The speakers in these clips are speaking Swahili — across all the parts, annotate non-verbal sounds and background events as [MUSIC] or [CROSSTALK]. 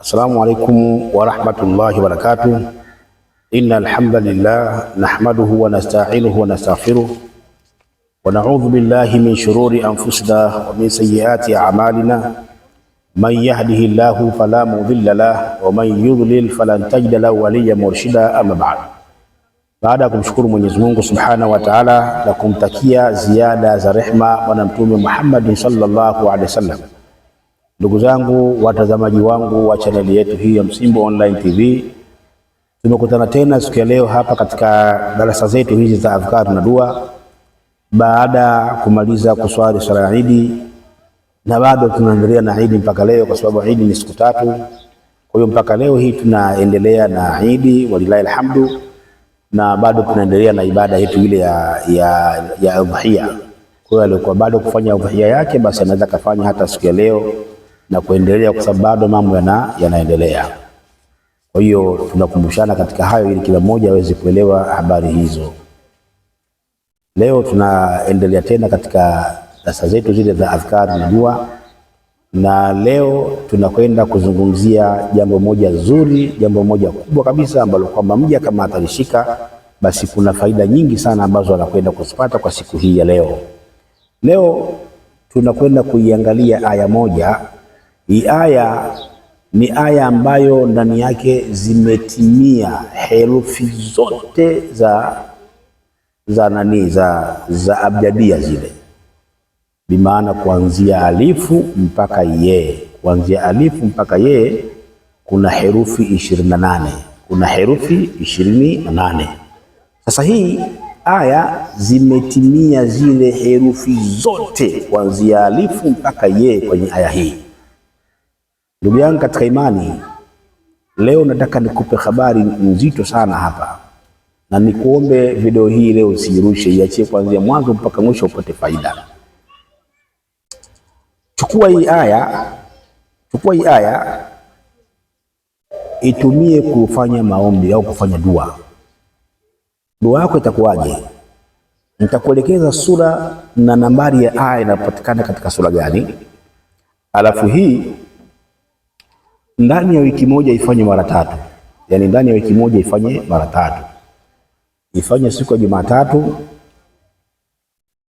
السلام عليكم ورحمة الله وبركاته إن الحمد لله نحمده ونستعينه ونستغفره ونعوذ بالله من شرور أنفسنا ومن سيئات أعمالنا من يهده الله فلا مضل له ومن يضلل فلن تجد له وليا مرشدا أما بعد بعدكم شكر من يزمونه سبحانه وتعالى لكم تكيا زيادة زرحمة ونمتوم محمد صلى الله عليه وسلم Ndugu zangu watazamaji wangu wa chaneli yetu hii ya Msimbo Online TV, tumekutana tena siku ya leo hapa katika darasa zetu hizi za adhkar na dua, baada ya kumaliza kuswali swala ya Idi, na bado tunaendelea na Idi mpaka leo, kwa sababu Idi ni siku tatu. Kwa hiyo mpaka leo hii tunaendelea na Idi, walilahi alhamdu, na bado tunaendelea na ibada yetu ile ya, ya, ya udhia. Kwa hiyo aliyokuwa bado kufanya udhia yake, basi anaweza kafanya hata siku ya leo na kuendelea, kwa sababu bado mambo yana, yanaendelea. Kwa hiyo tunakumbushana katika hayo ili kila mmoja aweze kuelewa habari hizo. Leo tunaendelea tena katika darasa zetu zile za adhkari na dua, na leo tunakwenda kuzungumzia jambo moja zuri, jambo moja kubwa kabisa ambalo kwamba mja kama atalishika basi kuna faida nyingi sana ambazo anakwenda kuzipata kwa siku hii ya leo. Leo tunakwenda kuiangalia aya moja hii aya ni aya ambayo ndani yake zimetimia herufi zote za za nani za, za abjadia zile, bimaana kuanzia alifu mpaka yee, kuanzia alifu mpaka yee kuna herufi ishirini na nane kuna herufi ishirini na nane Sasa hii aya zimetimia zile herufi zote kuanzia alifu mpaka yee kwenye aya hii. Ndugu yangu katika imani, leo nataka nikupe habari nzito sana hapa, na nikuombe video hii leo usijirushe, iachie kuanzia mwanzo mpaka mwisho upate faida. Chukua hii aya, chukua hii aya itumie kufanya maombi au kufanya dua. Dua yako itakuwaje? Nitakuelekeza sura na nambari ya aya inapatikana katika sura gani, alafu hii ndani ya wiki moja ifanye mara tatu, yaani ndani ya wiki moja ifanye mara tatu. Ifanye siku ya Jumatatu,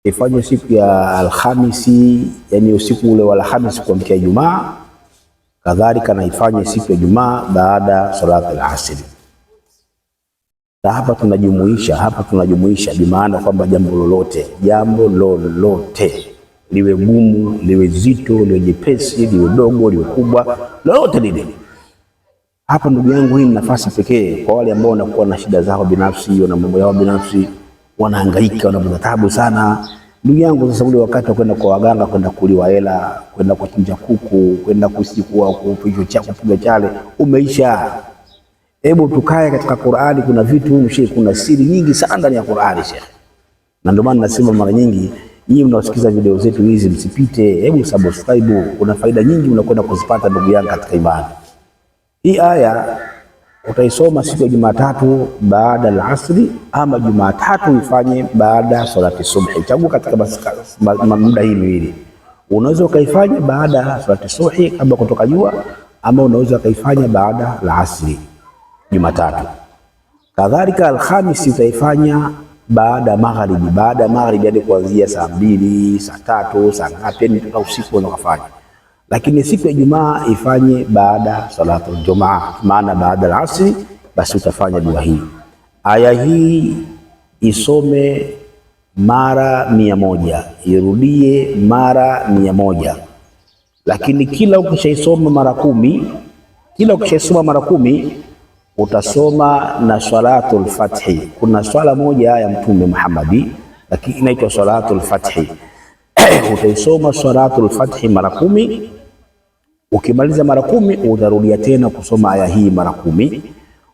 ifanye siku ya Alhamisi, yaani usiku ule wa Alhamisi kuamkia Ijumaa, kadhalika na ifanye siku ya Jumaa baada salati al asr Na hapa tunajumuisha hapa tunajumuisha bimaana kwamba jambo lolote jambo lolote liwe gumu, liwe zito, liwe jepesi, liwe dogo, liwe kubwa, lolote lile. Hapa ndugu yangu, hii ni nafasi pekee kwa wale ambao wanakuwa na shida zao binafsi, wana mambo yao binafsi, wanahangaika, wanapata tabu sana. Ndugu yangu, sasa ule wakati wa kwenda kwa waganga, kwenda kuliwa hela, kwenda kuchinja kuku, kwenda kusikua, kupiga chako, kupiga chale, umeisha. Hebu tukae katika Qur'ani. Kuna vitu mshii, kuna siri nyingi sana ndani ya Qur'ani, Sheikh, na ndio maana nasema mara nyingi Nyinyi mnaosikiza video zetu hizi, msipite, hebu subscribe. Kuna faida nyingi unakwenda kuzipata ndugu yangu katika imani. Hii aya utaisoma siku ya Jumatatu baada ya asri, ama Jumatatu ifanye baada ya salati subhi. Chagua katika muda hii miwili, unaweza ukaifanya baada ya salati subhi kabla kutoka jua, ama unaweza ukaifanya baada ya asri Jumatatu. Kadhalika Alhamisi utaifanya baada ya magharibi, baada ya magharibi hadi kuanzia saa mbili, saa tatu, saa ngapi, yani mpaka usiku unaweza kufanya. Lakini siku ya Ijumaa ifanye baada salatu Jumaa, maana baada ya asri, basi utafanya dua hii. Aya hii isome mara mia moja, irudie mara mia moja. Lakini kila ukishaisoma mara kumi, kila ukishaisoma mara kumi utasoma na Salatul Fathi. Kuna swala moja ya Mtume Muhammadi lakini inaitwa Salatul Fathi. [COUGHS] Utaisoma Salatul Fathi mara kumi. Ukimaliza mara kumi, utarudia tena kusoma aya hii mara kumi.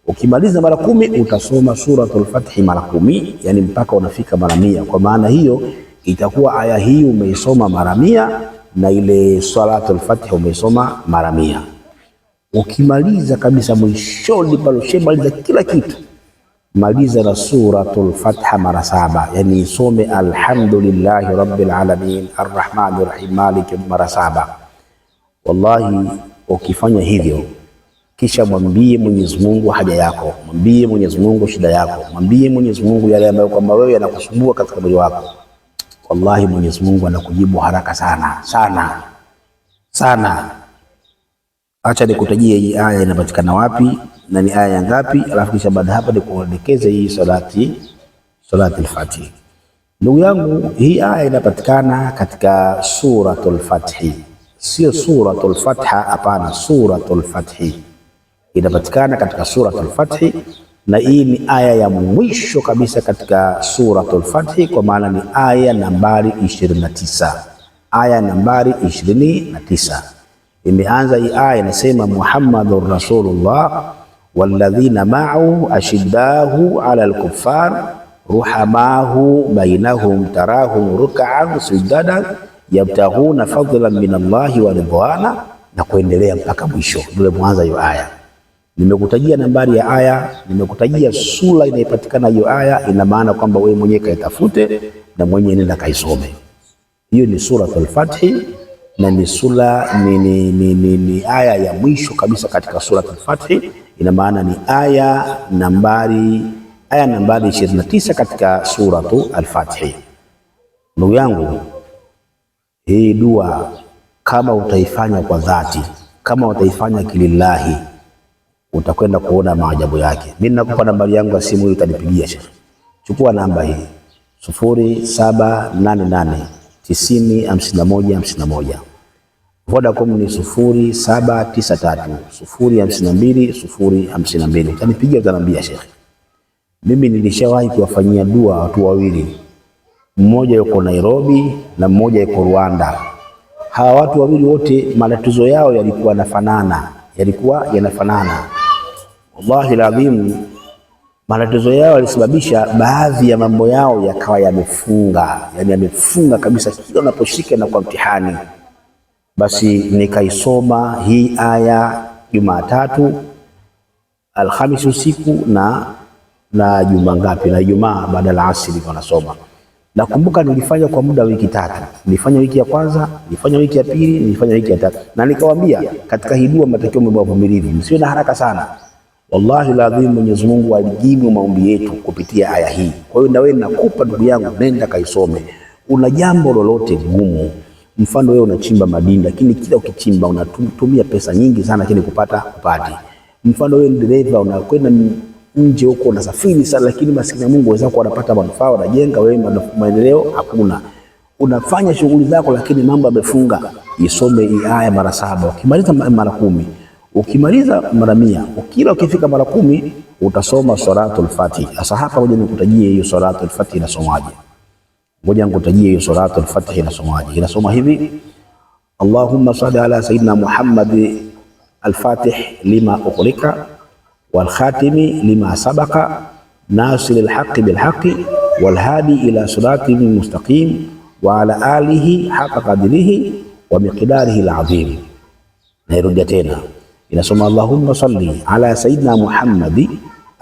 Ukimaliza mara kumi, utasoma Suratul Fathi mara kumi, yani mpaka unafika mara mia. Kwa maana hiyo itakuwa aya hii umeisoma mara mia na ile Salatul Fathi umeisoma mara mia. Ukimaliza kabisa mwishoni pale, ushemaliza kila kitu, maliza na Suratul Fatha mara saba, yani isome alhamdulillahi rabbil alamin arrahmani rahim maliki mara saba. Wallahi, ukifanya hivyo kisha mwambie Mwenyezi Mungu haja yako, mwambie Mwenyezi Mungu shida yako, mwambie Mwenyezi Mungu yale ambayo kwamba wewe yanakusumbua katika mwili wako. Wallahi, Mwenyezi Mungu anakujibu haraka sana sana sana. Acha nikutajie hii aya inapatikana wapi na ni aya ngapi, alafu kisha baada hapo nikuelekeze hii salati salati al-Fatih. Ndugu yangu, hii aya inapatikana katika suratul Fathi, sio suratul Fatha, hapana, suratul Fathi inapatikana katika suratul Fathi, na hii ni aya ya mwisho kabisa katika suratul Fathi, kwa maana ni aya nambari 29, aya nambari 29 imeanza hii aya inasema, Muhammadur Rasulullah walladhina ma'ahu ashiddahu ala alkuffar ruhamahu bainahum tarahum ruk'an sujadan yabtaghuna fadlan min Allahi wa ridwana, na kuendelea mpaka mwisho. Ndio mwanza hiyo aya. Nimekutajia nambari ya aya, nimekutajia sura inayopatikana hiyo aya. Ina maana kwamba wewe mwenyewe kaitafute na mwenyewe nenda kaisome. Hiyo ni suratul Fathi na ni sura ni, ni, ni, ni, ni aya ya mwisho kabisa katika al Fathi. Ina maana ni aya nambari aya nambari 29 katika Suratu Al-Fathi. Ndugu yangu, hii dua kama utaifanya kwa dhati, kama utaifanya kilillahi, utakwenda kuona maajabu yake. Mimi nakupa nambari yangu ya simu, utanipigia. Chukua namba hii sufuri saba nane nane tisini hamsini na moja hamsini na moja. Vodacom ni sufuri saba tisa tatu sufuri hamsini na mbili sufuri hamsini na mbili. utanipiga utanambia, shekhe, mimi nilishawahi kuwafanyia dua watu wawili, mmoja yuko Nairobi na mmoja yuko Rwanda. Hawa watu wawili wote matatizo yao yalikuwa yanafanana, yalikuwa yanafanana, wallahi ladhimu Matatizo yao yalisababisha baadhi ya mambo yao yakawa yamefunga, yani yamefunga kabisa, kila unaposhika na kwa mtihani. Basi nikaisoma hii aya Jumatatu, Alhamisi usiku na na juma ngapi na Ijumaa baada ya asili wanasoma. Nakumbuka nilifanya kwa muda wiki tatu, nilifanya wiki ya kwanza, nilifanya wiki ya pili, nilifanya wiki ya tatu, na nikawaambia katika hii dua matakiwa mwe wavumilivu, msiwe na haraka sana Wallahi lazima Mwenyezi Mungu alijibu maombi yetu kupitia aya hii. Kwa hiyo na wewe nakupa ndugu yangu, nenda kaisome. Una jambo lolote gumu, mfano wewe unachimba madini, lakini kila ukichimba unatumia pesa nyingi sana, lakini kupata kupati. Mfano wewe dereva, unakwenda nje huko unasafiri sana, lakini maskini ya Mungu kuwa anapata manufaa, wanajenga, wewe maendeleo hakuna. Unafanya shughuli zako, lakini mambo yamefunga. Isome hii aya mara saba, ukimaliza mara kumi Ukimaliza mara mia, ukila ukifika mara kumi utasoma Salatul Fatih. Sasa hapa ngoja nikutajie hiyo Salatul Fatih inasomaje. Ngoja nikutajie hiyo Salatul Fatih inasomaje. Inasoma hivi: Allahumma salli ala sayyidina Muhammad al-Fatih lima ukhlika wal khatimi lima sabaqa nasir al-haqqi bil haqqi wal hadi ila siratin mustaqim wa ala alihi haqqa qadrihi wa miqdarihi al-azim. Nairudia tena إن سمى اللهم صل على سيدنا محمد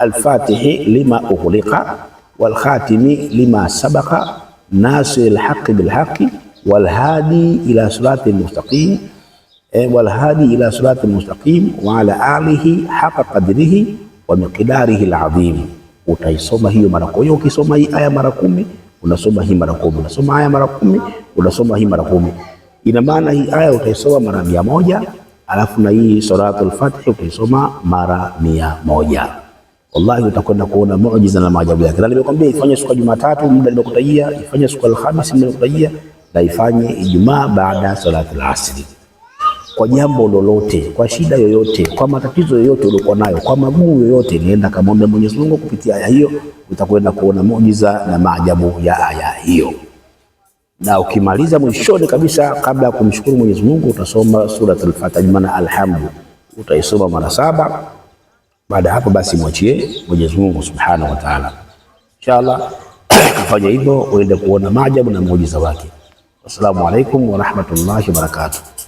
الفاتح لما أغلق والخاتم لما سبق ناصر الحق بالحق والهادي إلى صراط المستقيم إيه، والهادي إلى صراط المستقيم وعلى آله حق قدره ومقداره العظيم utaisoma hiyo mara kumi. Ukisoma hii aya mara kumi unasoma hii mara kumi unasoma aya mara kumi unasoma hii mara kumi Ina maana هي aya utaisoma mara mia moja alafu na hii suratul fatih ukisoma mara mia moja wallahi utakwenda kuona muujiza na maajabu yake. Na nimekwambia ifanye siku ya Jumatatu, muda nimekutajia, ifanye siku ya nimekutajia, na ifanye Ijumaa baada ya salatu al-asri. Kwa jambo lolote, kwa shida yoyote, kwa matatizo yoyote uliokuwa nayo, kwa magumu yoyote, nienda kamwombe Mwenyezi Mungu kupitia aya hiyo, utakwenda kuona muujiza na maajabu ya aya hiyo na ukimaliza mwishoni kabisa, kabla ya kumshukuru Mwenyezi Mungu, utasoma suratul Fatiha maana alhamdu, utaisoma mara saba. Baada ya hapo basi mwachie Mwenyezi Mungu Subhanahu wa Ta'ala. Inshallah kafanya [COUGHS] hivyo uende kuona maajabu na muujiza wake. wassalamu alaikum wa rahmatullahi wa barakatuh.